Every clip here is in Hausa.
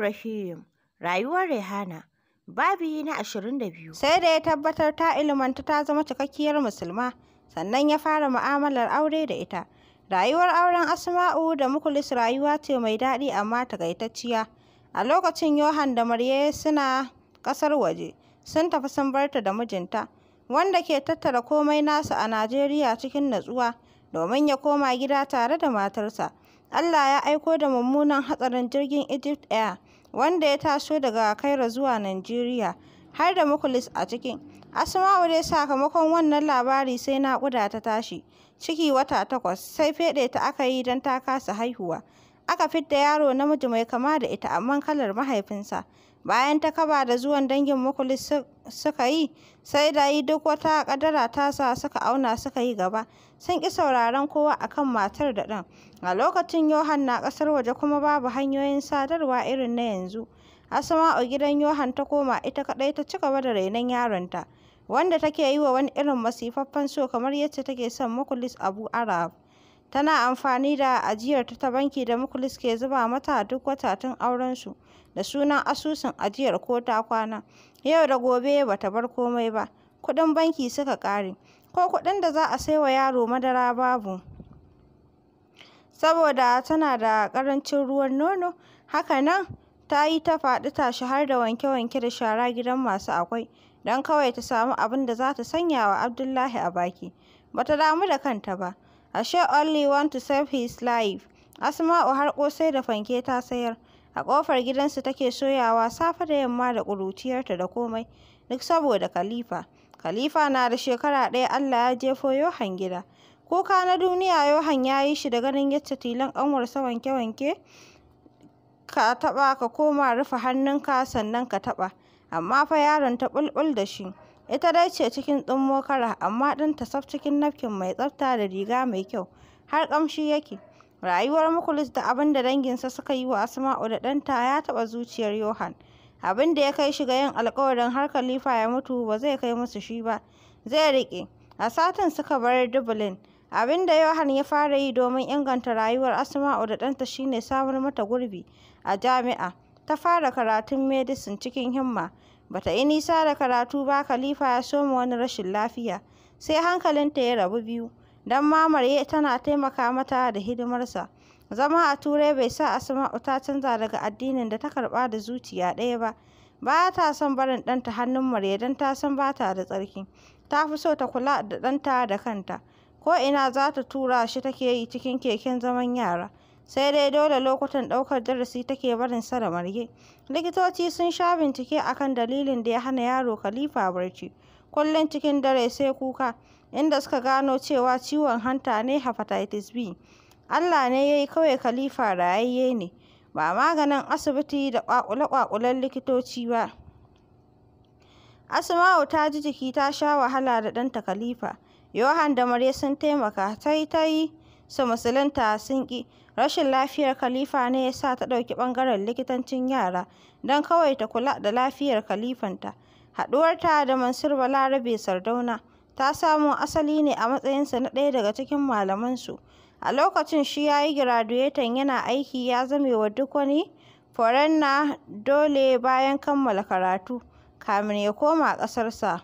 Rahim, Rayuwar Rehana, Babi na 22. Sai da ya tabbatar ta ilimanta ta zama cikakkiyar musulma, sannan ya fara mu'amalar aure da ita. Rayuwar auren Asma'u da Mukulis rayuwa ce mai daɗi amma takaitacciya. A lokacin Yohan da Marye suna ƙasar waje, sun tafi sun bar ta da mijinta, wanda ke tattara komai nasa a Najeriya cikin natsuwa domin ya koma gida tare da matarsa. Allah ya aiko da mummunan hatsarin jirgin Egypt Air wanda ya taso daga Cairo zuwa Najeriya har da Mukulis a cikin. Asma'u dai sakamakon wannan labari sai naƙuda ta tashi, ciki wata takwas, sai feɗe ta aka yi don ta kasa haihuwa. Aka fidda yaro namiji mai kama da ita amma kalar mahaifinsa. bayan ta kaba da zuwan dangin mukulis suka yi sai da yi duk wata kadara sa suka auna suka yi gaba sun ki sauraron kowa a kan matar da ɗan a lokacin yohan na ƙasar waje kuma babu hanyoyin sadarwa irin na yanzu asma'u gidan yohan ta koma ita kaɗai ta ci gaba da renon yaronta wanda take yi wa wani irin masifaffen so kamar yadda take son mukulis abu arab Tana amfani da ajiyarta ta banki da Mukulis ke zuba mata duk wata tun auren su da sunan asusun ajiyar ko-ta-kwana, yau da gobe ba ta bar komai ba, kuɗin banki suka ƙare, ko kuɗin da za a sai wa yaro madara babu saboda tana da ƙarancin ruwan nono, haka nan ta yi ta faɗi tashi har da wanke-wanke da shara gidan masu akwai don kawai ta samu abin da za ta sanya wa Abdullahi a baki, ba ta damu da kanta ba. Ashe Only want to save his life. Asma'u har ƙosai da fanke ta sayar. A kofar gidansu take soyawa safe da yamma da kuruciyarta da komai, duk saboda kalifa Khalifa na da shekara ɗaya Allah ya jefo Yohan gida. Kuka na duniya Yohan ya yi shi da ganin yadda tilan ƙanwarsa wanke-wanke. Ka taɓa ka koma rufe hannunka sannan ka taɓa. Amma fa yaron ta ɓulɓul da shi. Ita dai ce cikin tsummo kara, amma ɗinta saf cikin nafkin mai tsafta da riga mai kyau, har kamshi yake. Rayuwar Mukulis da abin da danginsa suka yi wa Asma'u da ɗanta ya taɓa zuciyar Yohan. Abin da ya kai shi ga yin alƙawarin har Khalifa ya mutu ba zai kai musu shi ba, zai riƙe. A satin suka bar Dublin. Abin da Yohan ya fara yi domin inganta rayuwar Asma'u da ɗanta shine samar mata gurbi a jami'a. Ta fara karatun medicine cikin himma. Ba ta yi nisa da karatu ba Khalifa ya soma wani rashin lafiya, sai hankalinta ya rabu biyu, don mamaye tana taimaka mata da hidimarsa. Zama a Turai bai sa Asma'u ta canza daga addinin da ta karba da zuciya ɗaya ba. Ba ta son barin ɗanta hannun Marye don ta san ba ta da tsarki. Ta fi so ta kula da ɗanta da kanta. Ko ina za ta tura shi take yi cikin keken zaman yara. sai dai dole lokutan ɗaukar darasi take barin sa da marge. Likitoci sun sha bincike akan dalilin da ya hana yaro Khalifa barci, kullum cikin dare sai kuka, inda suka gano cewa ciwon hanta ne hepatitis B. Allah ne ya yi kawai Khalifa rayayye ne, ba maganin asibiti da ƙwaƙule-ƙwaƙulen likitoci ba. Asma'u ta ji jiki ta sha wahala da ɗanta Khalifa. Yohan da Mare sun taimaka, ta yi ta yi su musulunta sun ki Rashin lafiyar kalifa ne ya sa ta ɗauki ɓangaren likitancin yara don kawai ta kula da lafiyar Khalifanta. Haɗuwarta da Mansur Balarabe Sardauna ta samo asali ne a matsayinsa na ɗaya daga cikin malamansu. A lokacin shi ya yi giraduyetan yana aiki ya zame wa duk wani forenna dole bayan kammala karatu, kamin ya koma ƙasarsa.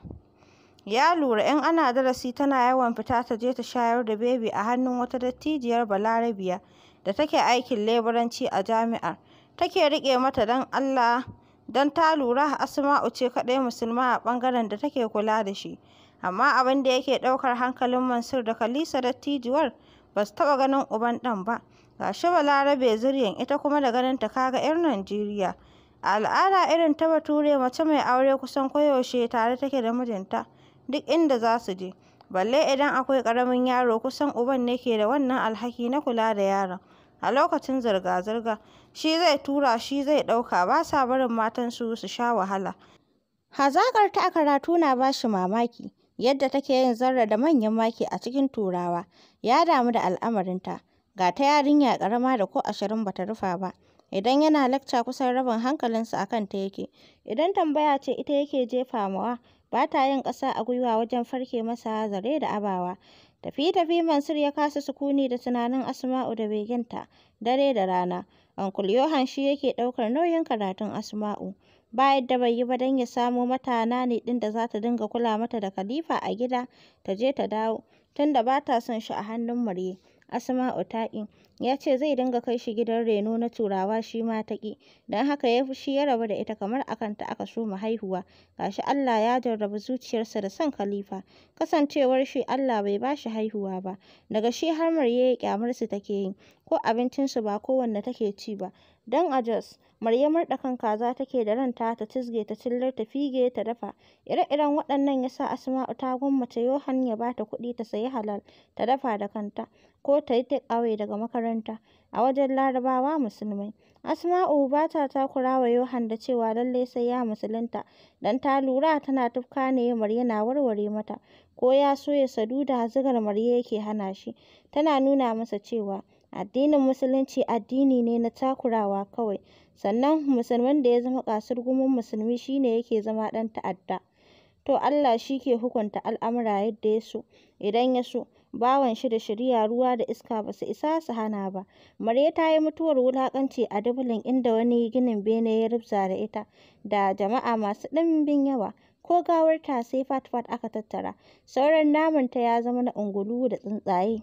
Ya lura in ana darasi tana yawan fita ta je ta shayar da bebi a hannun wata dattijiyar Balarabiya da take aikin leburanci a jami'ar, take riƙe mata don Allah don ta lura Asma'u ce kaɗai musulma a ɓangaren da take kula da shi, amma abin da yake ɗaukar hankalin Mansur da Kalisa dattijuwar ba su taɓa ganin uban ɗan ba, ga shi Balarabe zuriyan ita kuma da ganin ta kaga 'yar Najeriya. A al'ada irin ta Bature mace mai aure kusan koyaushe tare take da mijinta. duk inda za su je. Balle idan akwai ƙaramin yaro kusan uban ne ke da wannan alhaki na kula da yaron. A lokacin zirga-zirga, shi zai tura shi zai ɗauka ba sa barin matansu su sha wahala. ta a karatu na ba shi mamaki, yadda take yin zarra da manyan maki a cikin Turawa, ya damu da al'amarinta. Ga ta yarinya ƙarama da ko ashirin bata rufa ba. Idan yana lacca kusan rabin hankalinsa a kanta yake, idan tambaya ce ita yake jefa mawa, ba ta yin ƙasa a gwiwa wajen farke masa zare da abawa. Tafi-tafi Mansur ya kasa sukuni da tunanin Asma'u da beginta dare da rana. Uncle Yohan shi yake ɗaukar nauyin karatun Asma'u. Ba yadda bai yi ba don ya samo mata ne ɗin da za ta dinga kula mata da Khalifa a gida ta je ta dawo, tunda ba ta son shi a hannun murye. Asma'u Taƙi, ya ce zai dinga kai shi gidan reno na Turawa shi ma ta ƙi, don haka ya fushi ya rabu da ita kamar a kanta aka soma haihuwa, ga shi Allah ya jarrabu zuciyarsa da son Khalifa, kasancewar shi Allah bai ba shi haihuwa ba, daga shi har Maryam ƙyamarsu take yi, ko abincinsu ba kowanne take ci ba, don a Jos Maryam murɗa kan kaza take da ranta ta cizge ta cillar ta fige ta dafa. Ire-iren waɗannan ya sa Asma'u ta gwammace Yohan ya bata kuɗi ta sayi halal ta dafa da kanta ko ta yi away daga makaranta a wajen Larabawa musulmai. Asma'u ba ta takura wa Yohan da cewa lallai sai ya musulunta don ta lura tana tufka ne yana warware mata ko ya so ya sadu zigar Marye yake hana shi. Tana nuna masa cewa Addinin Musulunci addini ne na takurawa kawai, sannan musulmin da ya zama ƙasar-gumin musulmi shine yake zama ɗan ta'adda. To Allah shi ke hukunta al'amura yadda ya so, idan ya so, shi da shari'a, ruwa da iska ba su isa su hana ba. Mare ta yi mutuwar wulaƙanci a Dublin inda wani ginin bene ya rubza da ita da jama'a masu ɗimbin yawa. Ko gawarta sai fat-fat aka tattara, sauran namanta ya zama na ungulu da tsuntsaye.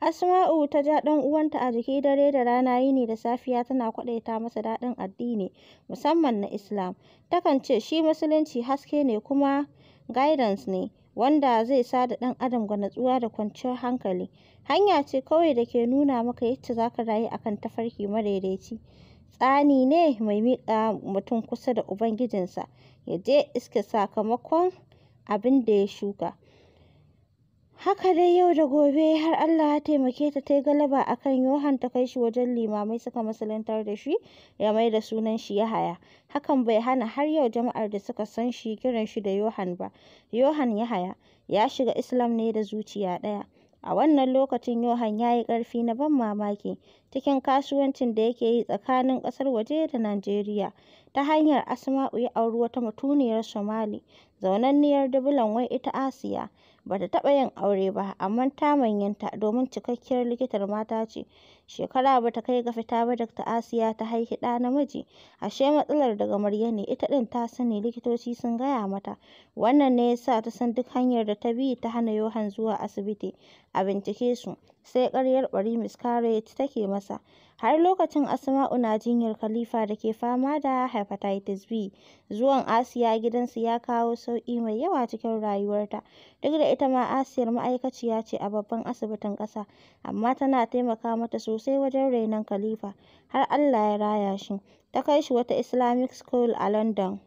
Asma'u ta ja ɗan uwanta a jiki dare da rana, yini da safiya tana kwaɗaita masa daɗin addini, musamman na Islam. Takan ce shi Musulunci haske ne kuma guidance ne, wanda zai sa da ɗan adam ga natsuwa da kwanciyar hankali. Hanya ce kawai da ke nuna maka yacce za ka rayu a kan tafarki madaidaici. Tsani ne mai miƙa mutum kusa da Ubangijinsa, ya je iske sakamakon abin da ya shuka. Haka dai yau da gobe har Allah ya taimake ta ta galaba a kan Yohan ta kai shi wajen limamai suka musuluntar da shi ya mai da sunan shi ya haya, Hakan bai hana har yau jama'ar da suka san shi kiran shi da Yohan ba. Yohan haya, ya shiga Islam ne da zuciya ɗaya. A wannan lokacin Yohan ya yi ƙarfi na ban mamaki cikin kasuwancin da yake yi tsakanin ƙasar waje da Najeriya. ta hanyar Asma'u ya auri wata mutuniyar Somali, zaunanniyar Dublin wai ita Asiya, ba ta taɓa yin aure ba, amma ta manyanta domin cikakkiyar likitar mata ce. Shekara ba ta kai ga fita ba Dr. Asiya ta haihi ɗa namiji. Ashe matsalar daga Marya ne, ita ɗin ta sani likitoci sun gaya mata. Wannan ne ya sa ta san duk hanyar da ta bi ta hana Yohan zuwa asibiti a bincike su. sai ƙaryar ɓari miscarriage take masa har lokacin asma'u na jinyar khalifa da ke fama da hepatitis b zuwan asiya gidansu ya kawo sauƙi mai yawa cikin rayuwarta duk da ita ma asiyar ma'aikaciya ce a babban asibitin ƙasa amma tana taimaka mata sosai wajen rainon khalifa har allah ya raya shi ta kai shi wata islamic school a london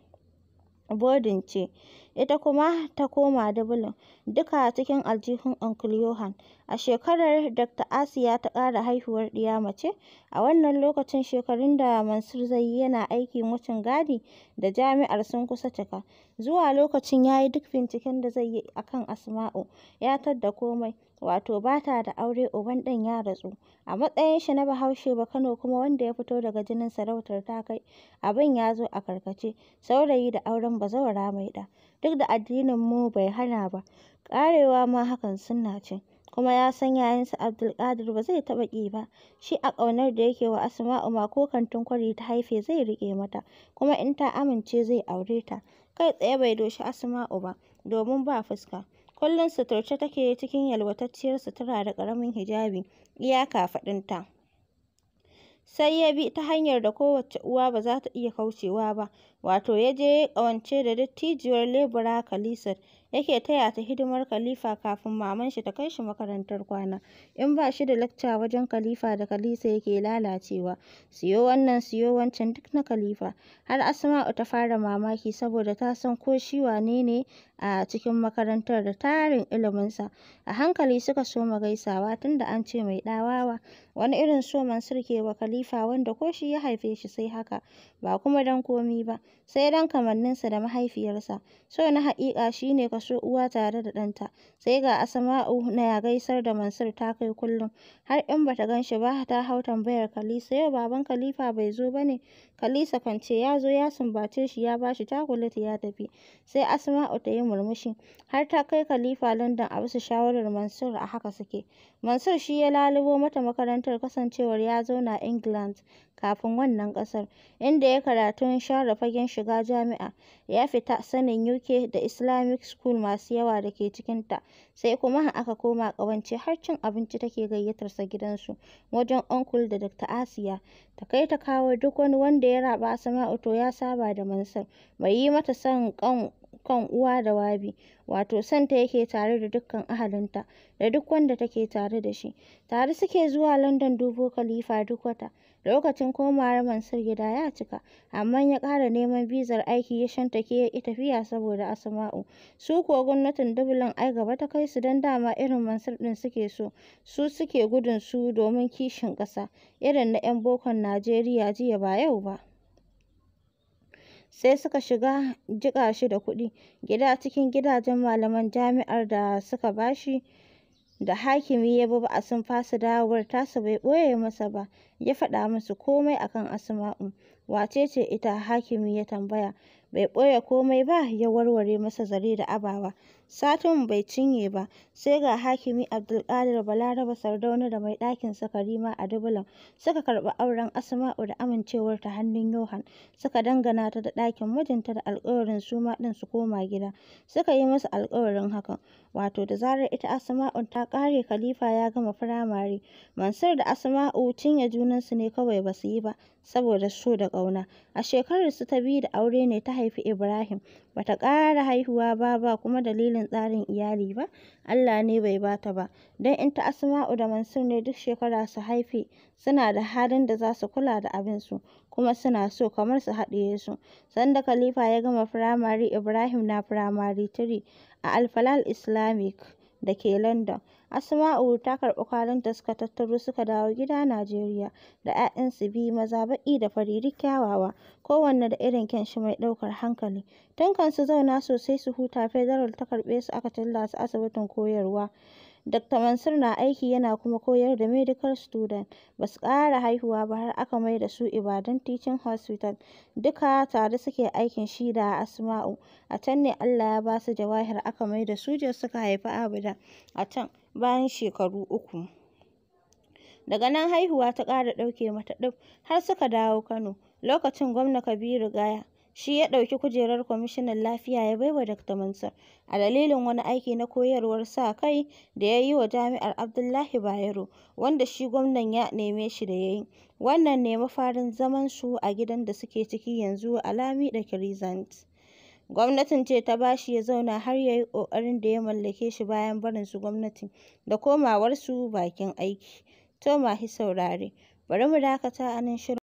boarding ce ita kuma ta koma Dublin, duka cikin aljihun Uncle Yohan. A shekarar Dr. Asiya ta ƙara haihuwar ɗiya mace, a wannan lokacin shekarun da Mansur zai yi yana aiki wucin gadi da jami'ar sun kusa cika. Zuwa lokacin ya yi duk binciken da zai yi a kan Asma'u, ya tadda komai. wato ba ta da aure uban ɗan ya rasu. A matsayin shi na Bahaushe ba Kano kuma wanda ya fito daga jinin sarautar ta kai. abin ya zo a karkace, saurayi da auren bazawara mai ɗa. Duk da addinin mu bai hana ba, ƙarewa ma hakan sunna ce. kuma ya san yayansa Abdulkadir ba zai taɓa ƙi ba, shi a ƙaunar da yake wa Asma'u ma ko kantin kwari ta haife zai riƙe mata, kuma in ta amince zai aure ta, kai tsaye bai doshi Asma'u ba, domin ba fuska. Kullum suturce take cikin yalwatacciyar sutura da ƙaramin hijabi, iyaka faɗinta. Sai ya bi ta hanyar da kowace uwa ba za ta iya kaucewa ba, wato ya je ya ƙawance da dattijuwar lebura Khalisat yake taya ta hidimar Khalifa kafin maman shi ta kai shi makarantar kwana. In ba shi da lacca wajen Khalifa da Kalisa yake lalacewa, siyo wannan siyo wancan duk na Khalifa. Har Asma'u ta fara mamaki saboda ta san ko shi wane ne a cikin makarantar da tarin ilimin sa A hankali suka soma gaisawa tunda an ce mai ɗawawa, wani irin so man ke wa Khalifa wanda ko shi ya haife shi sai haka, ba kuma dan komi ba, sai kamannin kamanninsa da mahaifiyarsa. So na haƙiƙa shine ne ka su uwa tare da ɗanta. Sai ga Asma'u na gaisar da Mansur ta kai kullum. Har in ta gan shi ba ta hau tambayar Kalisa yau baban Kalifa, bai zo ba ne? Kalisa kan ce ya zo ya sumbace shi ya bashi takulet ya tafi. Sai Asma'u ta yi murmushi. Har ta kai Khalifa London a bisa shawarar Mansur a haka suke. Mansur shi ya lalubo mata makarantar kasancewar ya zauna England. kafin wannan ƙasar, inda ya yi karatun share fagen shiga jami'a, ya fita sanin UK da Islamic School masu yawa da ke cikinta, sai kuma aka koma ƙawance har cin abinci take gayyatarsa gidansu, wajen Uncle da Dr. Asiya, ta kai ta kawo duk wani wanda ya raɓa Asma'u to ya saba da Mansur, bai yi mata son ƙan kan uwa da wabi, wato santa yake tare da dukkan ahalinta da duk wanda take tare da shi. Tare suke zuwa London dubo Khalifa duk wata. Lokacin komawar Mansur gida ya cika, amma ya ƙara neman bizar aiki ya shantake ya tafiya saboda Asma'u. Su kuwa gwamnatin Dublin ai gaba ta kai su don dama irin Mansur ɗin suke so, su suke gudun su domin kishin ƙasa, irin na 'yan bokon Najeriya jiya ba yau ba. sai suka shiga jiƙa shi da kuɗi gida cikin gidajen malaman jami'ar da suka bashi da hakimi ya bi a sun fasa dawowar tasa bai ɓoye masa ba ya faɗa musu komai akan asma'u wace ce ita hakimi ya tambaya bai ɓoye komai ba ya warware masa zare da abawa. Satin bai cinye ba, sai ga hakimi Abdulkadir Balaraba Sardauna da mai ɗakinsa Karima a Dubulan suka karɓi auren Asma'u da amincewar ta hannun Yohan, suka dangana ta da ɗakin mijinta da alƙawarin suma ɗin su koma gida. Suka yi masa alƙawarin hakan, wato da zarar ita Asma'u ta ƙare Khalifa ya gama firamare, Mansur da Asma'u cinye junansu ne kawai ba su yi ba, saboda so da ƙauna. A shekarar su ta biyu da aure ne ta haifi Ibrahim, ba ta ƙara haihuwa ba ba kuma dalilin tsarin iyali ba, Allah ne bai ba ta ba, don in ta Asma'u da Mansur ne duk shekara su haifi suna da halin da za su kula da abin su kuma suna so kamar su haɗiye su. Sanda Khalifa ya gama firamare Ibrahim na firamare 3 a alfalal Islamic. da ke London, Asma'u ta karɓi kwalinta suka tattaro suka dawo gida Najeriya da 'ya'yansu biyu maza baƙi da fari duk kyawawa, kowanne da irin kyanshi mai ɗaukar hankali. Tun kan su zauna sosai su huta, Federal ta karɓe su aka cilla su asibitin koyarwa. Dr. Mansur na aiki yana kuma koyar da medical students. Ba su ƙara haihuwa ba har aka mai da su Ibadan Teaching Hospital. Duka tare suke aikin shida a Asma'u. A can ne Allah ya ba su jawahir aka mai da su Jos suka haifi Abida a can bayan shekaru uku. Daga nan haihuwa ta ƙara ɗauke mata ɗif har suka dawo Kano. Lokacin gwamna Kabiru Gaya shi ya ɗauki kujerar kwamishinan lafiya ya baiwa Dr. Mansur a dalilin wani aiki na koyarwar sa kai da ya yi wa Jami'ar Abdullahi Bayero wanda shi gwamnan ya neme shi da ya yi. Wannan ne mafarin zaman su a gidan da suke ciki yanzu a da Crescent. Gwamnatin ce ta bashi ya zauna har ya yi ƙoƙarin da ya mallake shi bayan barin su gwamnatin da komawarsu bakin aiki. To saurare, bari mu dakata a nan shirin.